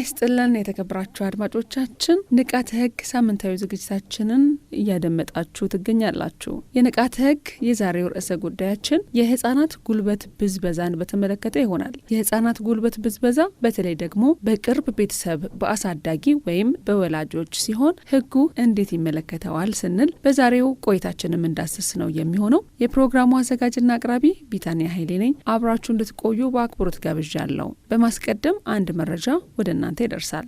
ይስጥልን የተከብራችሁ አድማጮቻችን፣ ንቃተ ህግ ሳምንታዊ ዝግጅታችንን እያደመጣችሁ ትገኛላችሁ። የንቃተ ህግ የዛሬው ርዕሰ ጉዳያችን የህጻናት ጉልበት ብዝበዛን በተመለከተ ይሆናል። የህጻናት ጉልበት ብዝበዛ በተለይ ደግሞ በቅርብ ቤተሰብ በአሳዳጊ ወይም በወላጆች ሲሆን ህጉ እንዴት ይመለከተዋል ስንል በዛሬው ቆይታችንም እንዳስስ ነው የሚሆነው። የፕሮግራሙ አዘጋጅና አቅራቢ ቢታንያ ኃይሌ ነኝ። አብራችሁ እንድትቆዩ በአክብሮት ጋብዣለሁ። በማስቀደም አንድ መረጃ ወደ እናንተ ይደርሳል።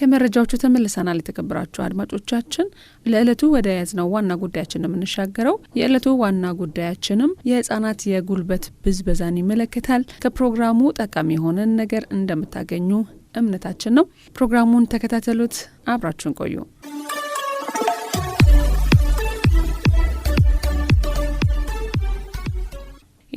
ከመረጃዎቹ ተመልሰናል። የተከበራችሁ አድማጮቻችን ለዕለቱ ወደ ያዝነው ዋና ጉዳያችን ነው የምንሻገረው። የዕለቱ ዋና ጉዳያችንም የህጻናት የጉልበት ብዝበዛን ይመለከታል። ከፕሮግራሙ ጠቃሚ የሆነን ነገር እንደምታገኙ እምነታችን ነው። ፕሮግራሙን ተከታተሉት፣ አብራችሁን ቆዩ።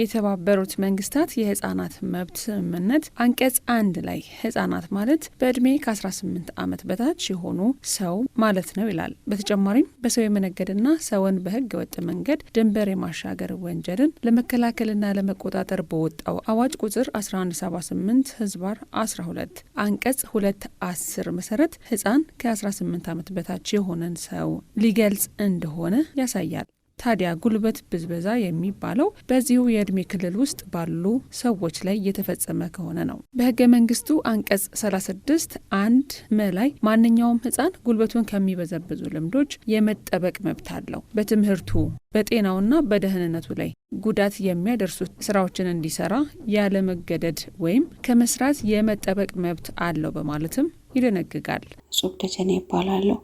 የተባበሩት መንግስታት የህጻናት መብት ስምምነት አንቀጽ አንድ ላይ ህጻናት ማለት በእድሜ ከ18 ዓመት በታች የሆኑ ሰው ማለት ነው ይላል። በተጨማሪም በሰው የመነገድና ሰውን በህገ ወጥ መንገድ ድንበር የማሻገር ወንጀልን ለመከላከልና ለመቆጣጠር በወጣው አዋጅ ቁጥር 1178 ህዝባር 12 አንቀጽ 210 መሰረት ህጻን ከ18 ዓመት በታች የሆነን ሰው ሊገልጽ እንደሆነ ያሳያል። ታዲያ ጉልበት ብዝበዛ የሚባለው በዚሁ የእድሜ ክልል ውስጥ ባሉ ሰዎች ላይ እየተፈጸመ ከሆነ ነው። በህገ መንግስቱ አንቀጽ 36 አንድ መ ላይ ማንኛውም ህጻን ጉልበቱን ከሚበዘብዙ ልምዶች የመጠበቅ መብት አለው። በትምህርቱ በጤናውና በደህንነቱ ላይ ጉዳት የሚያደርሱ ስራዎችን እንዲሰራ ያለመገደድ ወይም ከመስራት የመጠበቅ መብት አለው በማለትም ይደነግጋል። ጹብ ደጀኔ ይባላለሁ።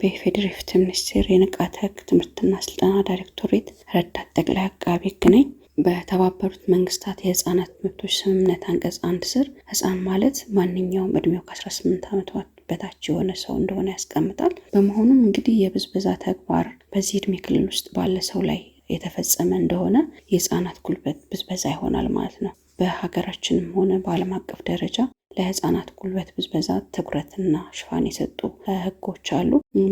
በኢፌዴሪ ፍትህ ሚኒስቴር የንቃተ ህግ ትምህርትና ስልጠና ዳይሬክቶሬት ረዳት ጠቅላይ አቃቢ ህግ ነኝ። በተባበሩት መንግስታት የህፃናት መብቶች ስምምነት አንቀጽ አንድ ስር ህፃን ማለት ማንኛውም እድሜው ከ18 ዓመት በታች የሆነ ሰው እንደሆነ ያስቀምጣል። በመሆኑም እንግዲህ የብዝበዛ ተግባር በዚህ እድሜ ክልል ውስጥ ባለ ሰው ላይ የተፈጸመ እንደሆነ የህፃናት ጉልበት ብዝበዛ ይሆናል ማለት ነው። በሀገራችንም ሆነ በዓለም አቀፍ ደረጃ ለህፃናት ጉልበት ብዝበዛ ትኩረትና ሽፋን የሰጡ ህጎች አሉ።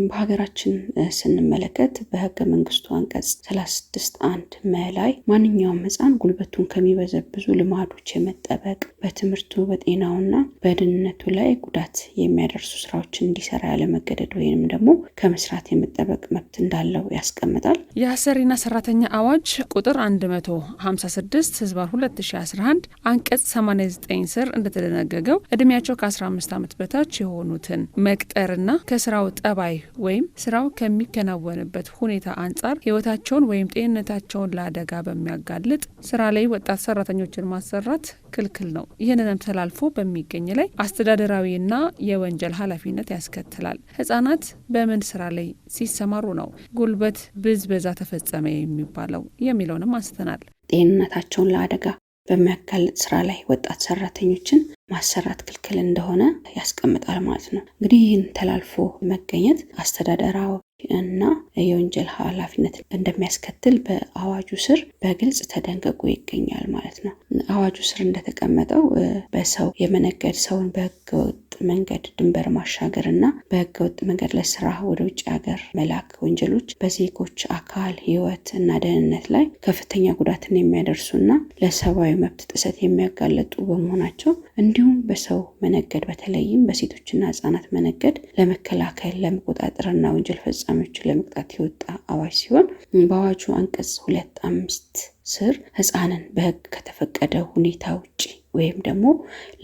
በሀገራችን ስንመለከት በህገ መንግስቱ አንቀጽ 36 አንድ መላይ ላይ ማንኛውም ህፃን ጉልበቱን ከሚበዘብዙ ልማዶች የመጠበቅ በትምህርቱ በጤናውና በደህንነቱ ላይ ጉዳት የሚያደርሱ ስራዎችን እንዲሰራ ያለመገደድ ወይንም ደግሞ ከመስራት የመጠበቅ መብት እንዳለው ያስቀምጣል። የአሰሪና ሰራተኛ አዋጅ ቁጥር 156 ህዝባ 2011 አንቀጽ 89 ስር እንደተደነገገ አስመልክተው እድሜያቸው ከ15 ዓመት በታች የሆኑትን መቅጠርና ከስራው ጠባይ ወይም ስራው ከሚከናወንበት ሁኔታ አንጻር ህይወታቸውን ወይም ጤንነታቸውን ለአደጋ በሚያጋልጥ ስራ ላይ ወጣት ሰራተኞችን ማሰራት ክልክል ነው። ይህንንም ተላልፎ በሚገኝ ላይ አስተዳደራዊና የወንጀል ኃላፊነት ያስከትላል። ህጻናት በምን ስራ ላይ ሲሰማሩ ነው ጉልበት ብዝበዛ ተፈጸመ የሚባለው የሚለውንም አንስተናል። ጤንነታቸውን ለአደጋ በሚያጋልጥ ስራ ላይ ወጣት ሰራተኞችን ማሰራት ክልክል እንደሆነ ያስቀምጣል ማለት ነው። እንግዲህ ይህን ተላልፎ መገኘት አስተዳደራዊ እና የወንጀል ኃላፊነት እንደሚያስከትል በአዋጁ ስር በግልጽ ተደንግጎ ይገኛል ማለት ነው። አዋጁ ስር እንደተቀመጠው በሰው የመነገድ ሰውን በህገ መንገድ ድንበር ማሻገር እና በህገወጥ መንገድ ለስራ ወደ ውጭ ሀገር መላክ ወንጀሎች በዜጎች አካል፣ ህይወት እና ደህንነት ላይ ከፍተኛ ጉዳትን የሚያደርሱ እና ለሰብአዊ መብት ጥሰት የሚያጋለጡ በመሆናቸው እንዲሁም በሰው መነገድ በተለይም በሴቶችና ህጻናት መነገድ ለመከላከል ለመቆጣጠርና ወንጀል ፈጻሚዎችን ለመቅጣት የወጣ አዋጅ ሲሆን በአዋጁ አንቀጽ ሁለት አምስት ስር ህፃንን በህግ ከተፈቀደ ሁኔታ ውጭ ወይም ደግሞ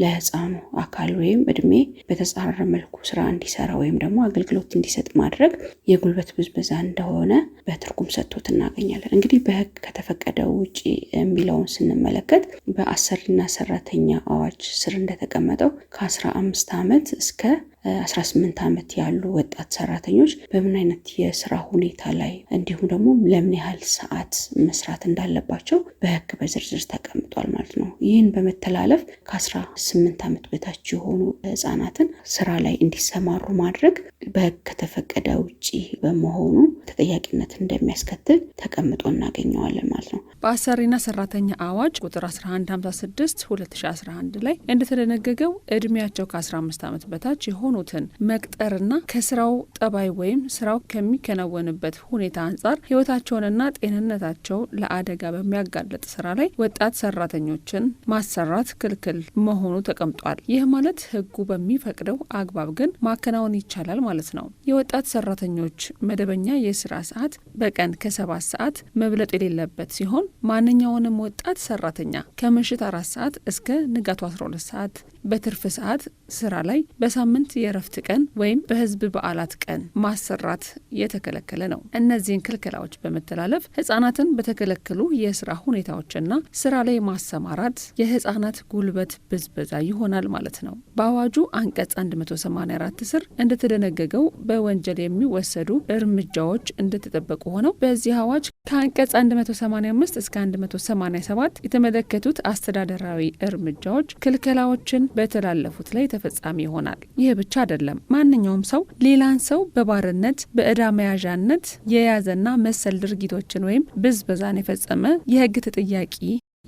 ለህፃኑ አካል ወይም እድሜ በተጻረረ መልኩ ስራ እንዲሰራ ወይም ደግሞ አገልግሎት እንዲሰጥ ማድረግ የጉልበት ብዝበዛ እንደሆነ በትርጉም ሰጥቶት እናገኛለን። እንግዲህ በህግ ከተፈቀደው ውጭ የሚለውን ስንመለከት በአሰሪና ሰራተኛ አዋጅ ስር እንደተቀመጠው ከአስራ አምስት ዓመት እስከ 18 ዓመት ያሉ ወጣት ሰራተኞች በምን አይነት የስራ ሁኔታ ላይ እንዲሁም ደግሞ ለምን ያህል ሰዓት መስራት እንዳለባቸው በህግ በዝርዝር ተቀምጧል ማለት ነው። ይህን በመተላለፍ ከ18 ዓመት በታች የሆኑ ህጻናትን ስራ ላይ እንዲሰማሩ ማድረግ በህግ ከተፈቀደ ውጪ በመሆኑ ተጠያቂነት እንደሚያስከትል ተቀምጦ እናገኘዋለን ማለት ነው። በአሰሪና ሰራተኛ አዋጅ ቁጥር 1156 2011 ላይ እንደተደነገገው እድሜያቸው ከ15 ዓመት በታች የሆኑ የሆኑትን መቅጠርና ከስራው ጠባይ ወይም ስራው ከሚከናወንበት ሁኔታ አንጻር ህይወታቸውንና ጤንነታቸው ለአደጋ በሚያጋለጥ ስራ ላይ ወጣት ሰራተኞችን ማሰራት ክልክል መሆኑ ተቀምጧል። ይህ ማለት ህጉ በሚፈቅደው አግባብ ግን ማከናወን ይቻላል ማለት ነው። የወጣት ሰራተኞች መደበኛ የስራ ሰዓት በቀን ከሰባት ሰዓት መብለጥ የሌለበት ሲሆን ማንኛውንም ወጣት ሰራተኛ ከምሽት አራት ሰዓት እስከ ንጋቱ 12 ሰዓት በትርፍ ሰዓት ስራ ላይ በሳምንት የእረፍት ቀን ወይም በህዝብ በዓላት ቀን ማሰራት የተከለከለ ነው። እነዚህን ክልከላዎች በመተላለፍ ህጻናትን በተከለከሉ የስራ ሁኔታዎችና ስራ ላይ ማሰማራት የህጻናት ጉልበት ብዝበዛ ይሆናል ማለት ነው። በአዋጁ አንቀጽ 184 ስር እንደተደነገገው በወንጀል የሚወሰዱ እርምጃዎች እንደተጠበቁ ሆነው በዚህ አዋጅ ከአንቀጽ 185 እስከ 187 የተመለከቱት አስተዳደራዊ እርምጃዎች ክልከላዎችን በተላለፉት ላይ ተፈጻሚ ይሆናል። ይህ ብቻ አይደለም። ማንኛውም ሰው ሌላን ሰው በባርነት በእዳ መያዣነት የያዘና መሰል ድርጊቶችን ወይም ብዝበዛን የፈጸመ የህግ ተጠያቂ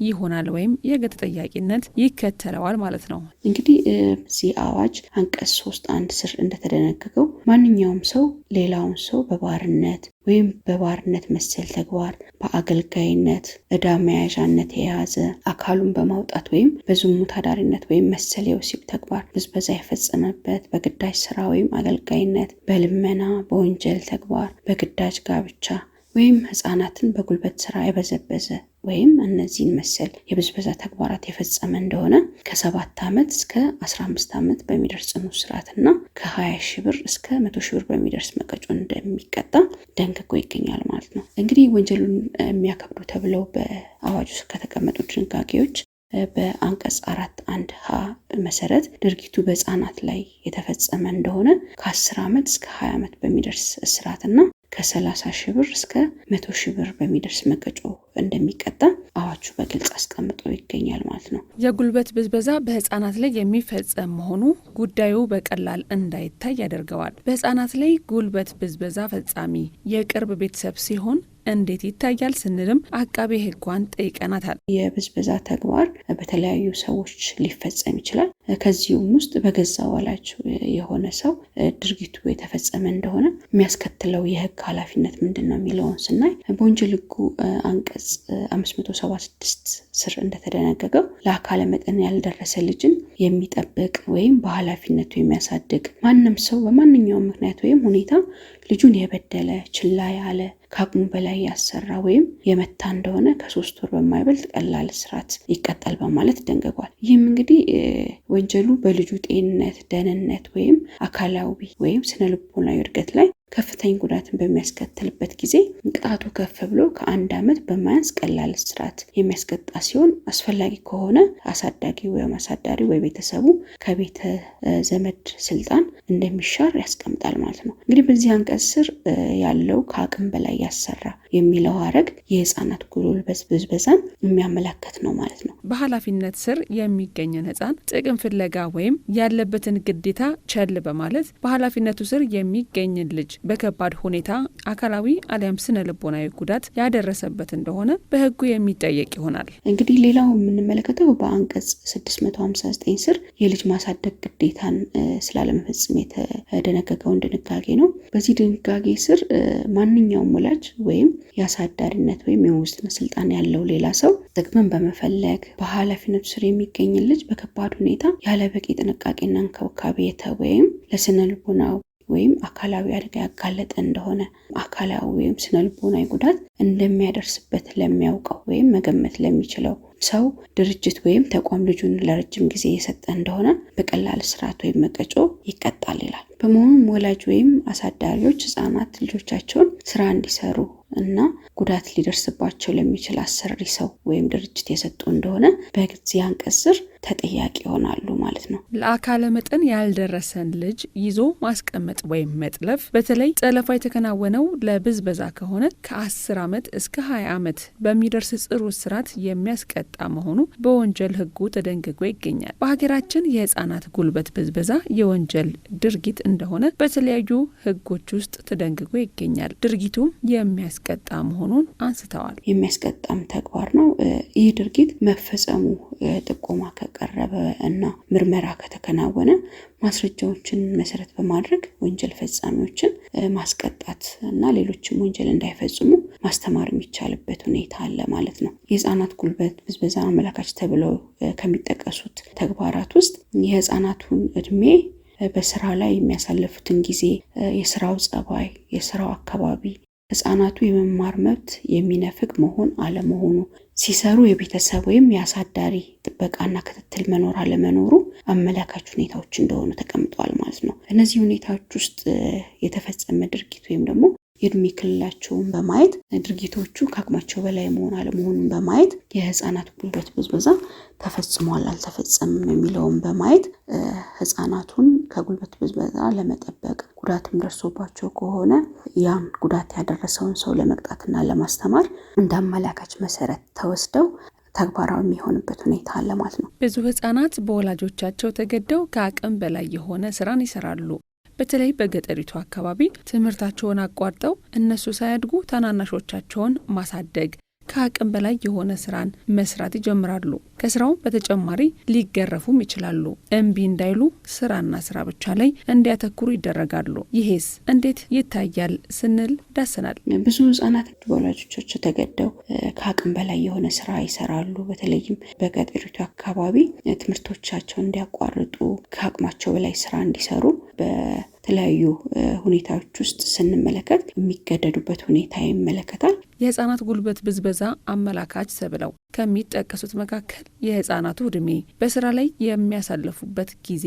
ይሆናል ወይም የህግ ተጠያቂነት ይከተለዋል ማለት ነው። እንግዲህ እዚህ አዋጅ አንቀጽ ሶስት አንድ ስር እንደተደነገገው ማንኛውም ሰው ሌላውን ሰው በባርነት ወይም በባርነት መሰል ተግባር በአገልጋይነት እዳ መያዣነት የያዘ አካሉን በማውጣት ወይም በዝሙት አዳሪነት ወይም መሰል የወሲብ ተግባር ብዝበዛ የፈጸመበት በግዳጅ ስራ ወይም አገልጋይነት፣ በልመና፣ በወንጀል ተግባር፣ በግዳጅ ጋብቻ ወይም ህፃናትን በጉልበት ስራ የበዘበዘ ወይም እነዚህን መሰል የብዝበዛ ተግባራት የፈጸመ እንደሆነ ከሰባት ዓመት እስከ አስራ አምስት ዓመት በሚደርስ ጽኑ እስራትና ከሀያ ሺህ ብር እስከ መቶ ሺህ ብር በሚደርስ መቀጮ እንደሚቀጣ ደንግጎ ይገኛል ማለት ነው። እንግዲህ ወንጀሉን የሚያከብዱ ተብለው በአዋጅ ውስጥ ከተቀመጡ ድንጋጌዎች በአንቀጽ አራት አንድ ሀ መሰረት ድርጊቱ በህፃናት ላይ የተፈጸመ እንደሆነ ከአስር ዓመት እስከ ሀያ ዓመት በሚደርስ እስራትና ከ30 ሺህ ብር እስከ 100 ሺህ ብር በሚደርስ መቀጮ እንደሚቀጣ አዋቹ በግልጽ አስቀምጦ ይገኛል ማለት ነው። የጉልበት ብዝበዛ በህጻናት ላይ የሚፈጸም መሆኑ ጉዳዩ በቀላል እንዳይታይ ያደርገዋል። በህጻናት ላይ ጉልበት ብዝበዛ ፈጻሚ የቅርብ ቤተሰብ ሲሆን እንዴት ይታያል ስንልም አቃቤ ሕጓን ጠይቀናታል። የብዝበዛ ተግባር በተለያዩ ሰዎች ሊፈጸም ይችላል። ከዚሁም ውስጥ በገዛ ወላጅ የሆነ ሰው ድርጊቱ የተፈጸመ እንደሆነ የሚያስከትለው የህግ ኃላፊነት ምንድን ነው የሚለውን ስናይ በወንጀል ህጉ አንቀጽ 576 ስር እንደተደነገገው ለአካለ መጠን ያልደረሰ ልጅን የሚጠብቅ ወይም በኃላፊነቱ የሚያሳድግ ማንም ሰው በማንኛውም ምክንያት ወይም ሁኔታ ልጁን የበደለ ችላ ያለ ከአቅሙ በላይ ያሰራ ወይም የመታ እንደሆነ ከሶስት ወር በማይበልጥ ቀላል እስራት ይቀጣል በማለት ደንግጓል። ይህም እንግዲህ ወንጀሉ በልጁ ጤንነት፣ ደህንነት ወይም አካላዊ ወይም ስነ ልቦናዊ እድገት ላይ ከፍተኛ ጉዳትን በሚያስከትልበት ጊዜ ቅጣቱ ከፍ ብሎ ከአንድ ዓመት በማያንስ ቀላል እስራት የሚያስቀጣ ሲሆን አስፈላጊ ከሆነ አሳዳጊ ወይም አሳዳሪ ወይ ቤተሰቡ ከቤተ ዘመድ ስልጣን እንደሚሻር ያስቀምጣል ማለት ነው። እንግዲህ በዚህ አንቀጽ ስር ያለው ከአቅም በላይ ያሰራ የሚለው ሐረግ የህፃናት ጉልበት ብዝበዛን የሚያመላከት ነው ማለት ነው። በኃላፊነት ስር የሚገኝን ህፃን ጥቅም ፍለጋ ወይም ያለበትን ግዴታ ቸል በማለት በኃላፊነቱ ስር የሚገኝን ልጅ በከባድ ሁኔታ አካላዊ አሊያም ስነ ልቦናዊ ጉዳት ያደረሰበት እንደሆነ በህጉ የሚጠየቅ ይሆናል። እንግዲህ ሌላው የምንመለከተው በአንቀጽ 659 ስር የልጅ ማሳደግ ግዴታን ስላለመፈጸም የተደነገገውን ድንጋጌ ነው። በዚህ ድንጋጌ ስር ማንኛውም ወላጅ ወይም የአሳዳሪነት ወይም የመወሰን ስልጣን ያለው ሌላ ሰው ጥቅምን በመፈለግ በኃላፊነቱ ስር የሚገኝ ልጅ በከባድ ሁኔታ ያለበቂ ጥንቃቄና እንክብካቤ የተወ ወይም ለስነ ልቦናው ወይም አካላዊ አደጋ ያጋለጠ እንደሆነ አካላዊ ወይም ስነልቦናዊ ጉዳት እንደሚያደርስበት ለሚያውቀው ወይም መገመት ለሚችለው ሰው ድርጅት ወይም ተቋም ልጁን ለረጅም ጊዜ የሰጠ እንደሆነ በቀላል ስርዓት ወይም መቀጮ ይቀጣል ይላል። በመሆኑም ወላጅ ወይም አሳዳሪዎች ህፃናት ልጆቻቸውን ስራ እንዲሰሩ እና ጉዳት ሊደርስባቸው ለሚችል አሰሪ ሰው ወይም ድርጅት የሰጡ እንደሆነ በዚህ አንቀጽ ስር ተጠያቂ ይሆናሉ ማለት ነው። ለአካለ መጠን ያልደረሰን ልጅ ይዞ ማስቀመጥ ወይም መጥለፍ፣ በተለይ ጠለፋ የተከናወነው ለብዝበዛ ከሆነ ከ10 ዓመት እስከ 20 ዓመት በሚደርስ ጽኑ እስራት የሚያስቀጣ መሆኑ በወንጀል ሕጉ ተደንግጎ ይገኛል። በሀገራችን የህጻናት ጉልበት ብዝበዛ የወንጀል ድርጊት እንደሆነ በተለያዩ ሕጎች ውስጥ ተደንግጎ ይገኛል። ድርጊቱም የሚያስቀጣ መሆኑን አንስተዋል። የሚያስቀጣም ተግባር ነው። ይህ ድርጊት መፈጸሙ ጥቆማ ከቀረበ እና ምርመራ ከተከናወነ ማስረጃዎችን መሰረት በማድረግ ወንጀል ፈጻሚዎችን ማስቀጣት እና ሌሎችም ወንጀል እንዳይፈጽሙ ማስተማር የሚቻልበት ሁኔታ አለ ማለት ነው። የህፃናት ጉልበት ብዝበዛ አመላካች ተብለው ከሚጠቀሱት ተግባራት ውስጥ የህፃናቱን እድሜ በስራ ላይ የሚያሳልፉትን ጊዜ፣ የስራው ጸባይ፣ የስራው አካባቢ ህፃናቱ የመማር መብት የሚነፍግ መሆን አለመሆኑ፣ ሲሰሩ የቤተሰብ ወይም የአሳዳሪ ጥበቃና ክትትል መኖር አለመኖሩ አመላካች ሁኔታዎች እንደሆኑ ተቀምጠዋል ማለት ነው። እነዚህ ሁኔታዎች ውስጥ የተፈጸመ ድርጊት ወይም ደግሞ የእድሜ ክልላቸውን በማየት ድርጊቶቹ ከአቅማቸው በላይ መሆን አለመሆኑን በማየት የህፃናት ጉልበት ብዝበዛ ተፈጽሟል አልተፈጸምም የሚለውን በማየት ህፃናቱን ከጉልበት ብዝበዛ ለመጠበቅ ጉዳትም ደርሶባቸው ከሆነ ያም ጉዳት ያደረሰውን ሰው ለመቅጣትና ለማስተማር እንደ አመላካች መሰረት ተወስደው ተግባራዊ የሚሆንበት ሁኔታ አለ ማለት ነው። ብዙ ህጻናት በወላጆቻቸው ተገደው ከአቅም በላይ የሆነ ስራን ይሰራሉ። በተለይ በገጠሪቱ አካባቢ ትምህርታቸውን አቋርጠው እነሱ ሳያድጉ ታናናሾቻቸውን ማሳደግ ከአቅም በላይ የሆነ ስራን መስራት ይጀምራሉ። ከስራውም በተጨማሪ ሊገረፉም ይችላሉ። እምቢ እንዳይሉ ስራና ስራ ብቻ ላይ እንዲያተኩሩ ይደረጋሉ። ይሄስ እንዴት ይታያል ስንል ዳሰናል። ብዙ ህጻናት በወላጆቻቸው ተገደው ከአቅም በላይ የሆነ ስራ ይሰራሉ። በተለይም በገጠሪቱ አካባቢ ትምህርቶቻቸውን እንዲያቋርጡ ከአቅማቸው በላይ ስራ እንዲሰሩ በተለያዩ ሁኔታዎች ውስጥ ስንመለከት የሚገደዱበት ሁኔታ ይመለከታል። የህጻናት ጉልበት ብዝበዛ አመላካች ተብለው ከሚጠቀሱት መካከል የህጻናቱ እድሜ፣ በስራ ላይ የሚያሳልፉበት ጊዜ፣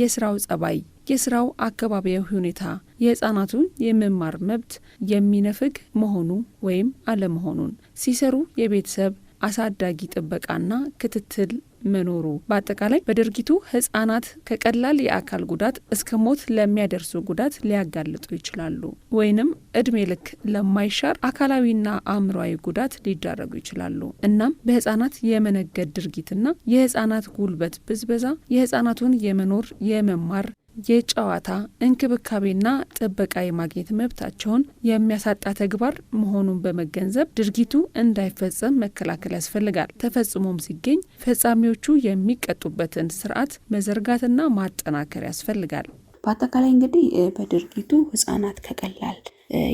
የስራው ጸባይ፣ የስራው አካባቢያዊ ሁኔታ የህፃናቱ የመማር መብት የሚነፍግ መሆኑ ወይም አለመሆኑን ሲሰሩ የቤተሰብ አሳዳጊ ጥበቃና ክትትል መኖሩ በአጠቃላይ በድርጊቱ ህጻናት ከቀላል የአካል ጉዳት እስከ ሞት ለሚያደርሱ ጉዳት ሊያጋልጡ ይችላሉ ወይንም እድሜ ልክ ለማይሻር አካላዊና አእምሯዊ ጉዳት ሊዳረጉ ይችላሉ። እናም በህጻናት የመነገድ ድርጊትና የህጻናት ጉልበት ብዝበዛ የህጻናቱን የመኖር የመማር የጨዋታ እንክብካቤና ጥበቃ የማግኘት መብታቸውን የሚያሳጣ ተግባር መሆኑን በመገንዘብ ድርጊቱ እንዳይፈጸም መከላከል ያስፈልጋል። ተፈጽሞም ሲገኝ ፈጻሚዎቹ የሚቀጡበትን ስርዓት መዘርጋትና ማጠናከር ያስፈልጋል። በአጠቃላይ እንግዲህ በድርጊቱ ህጻናት ከቀላል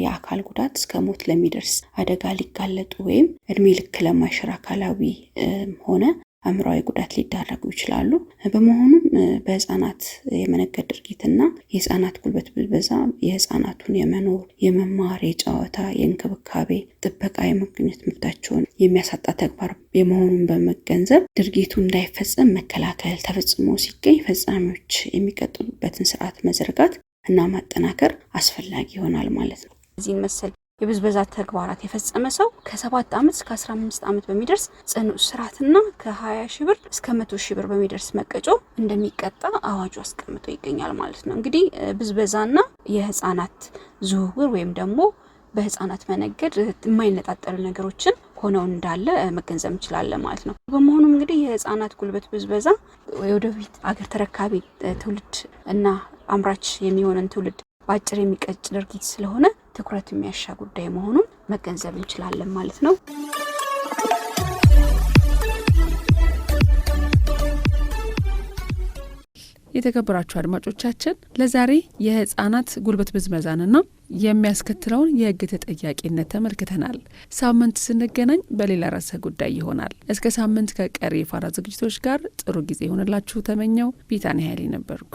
የአካል ጉዳት እስከ ሞት ለሚደርስ አደጋ ሊጋለጡ ወይም እድሜ ልክ ለማይሽር አካላዊ ሆነ አእምሯዊ ጉዳት ሊዳረጉ ይችላሉ። በመሆኑም በህፃናት የመነገድ ድርጊትና የህፃናት ጉልበት ብዝበዛ የህፃናቱን የመኖር የመማር፣ የጨዋታ፣ የእንክብካቤ ጥበቃ፣ የመገኘት መብታቸውን የሚያሳጣ ተግባር የመሆኑን በመገንዘብ ድርጊቱ እንዳይፈጸም መከላከል፣ ተፈጽሞ ሲገኝ ፈጻሚዎች የሚቀጥሉበትን ስርዓት መዘርጋት እና ማጠናከር አስፈላጊ ይሆናል ማለት ነው። እዚህ መሰል የብዝበዛ ተግባራት የፈጸመ ሰው ከሰባት ዓመት እስከ አስራ አምስት ዓመት በሚደርስ ጽኑ እስራትና ከሀያ ሺህ ብር እስከ መቶ ሺህ ብር በሚደርስ መቀጮ እንደሚቀጣ አዋጁ አስቀምጦ ይገኛል ማለት ነው። እንግዲህ ብዝበዛና የህፃናት ዝውውር ወይም ደግሞ በህፃናት መነገድ የማይነጣጠሉ ነገሮችን ሆነው እንዳለ መገንዘብ እንችላለን ማለት ነው። በመሆኑም እንግዲህ የህፃናት ጉልበት ብዝበዛ ወደፊት አገር ተረካቢ ትውልድ እና አምራች የሚሆንን ትውልድ በአጭር የሚቀጭ ድርጊት ስለሆነ ትኩረት የሚያሻ ጉዳይ መሆኑን መገንዘብ እንችላለን ማለት ነው። የተከበራችሁ አድማጮቻችን ለዛሬ የህጻናት ጉልበት ብዝበዛንና የሚያስከትለውን የህግ ተጠያቂነት ተመልክተናል። ሳምንት ስንገናኝ በሌላ ርዕሰ ጉዳይ ይሆናል። እስከ ሳምንት ከቀሪ የፋራ ዝግጅቶች ጋር ጥሩ ጊዜ የሆነላችሁ ተመኘው። ቢታኒ ኃይሌ ነበርኩ።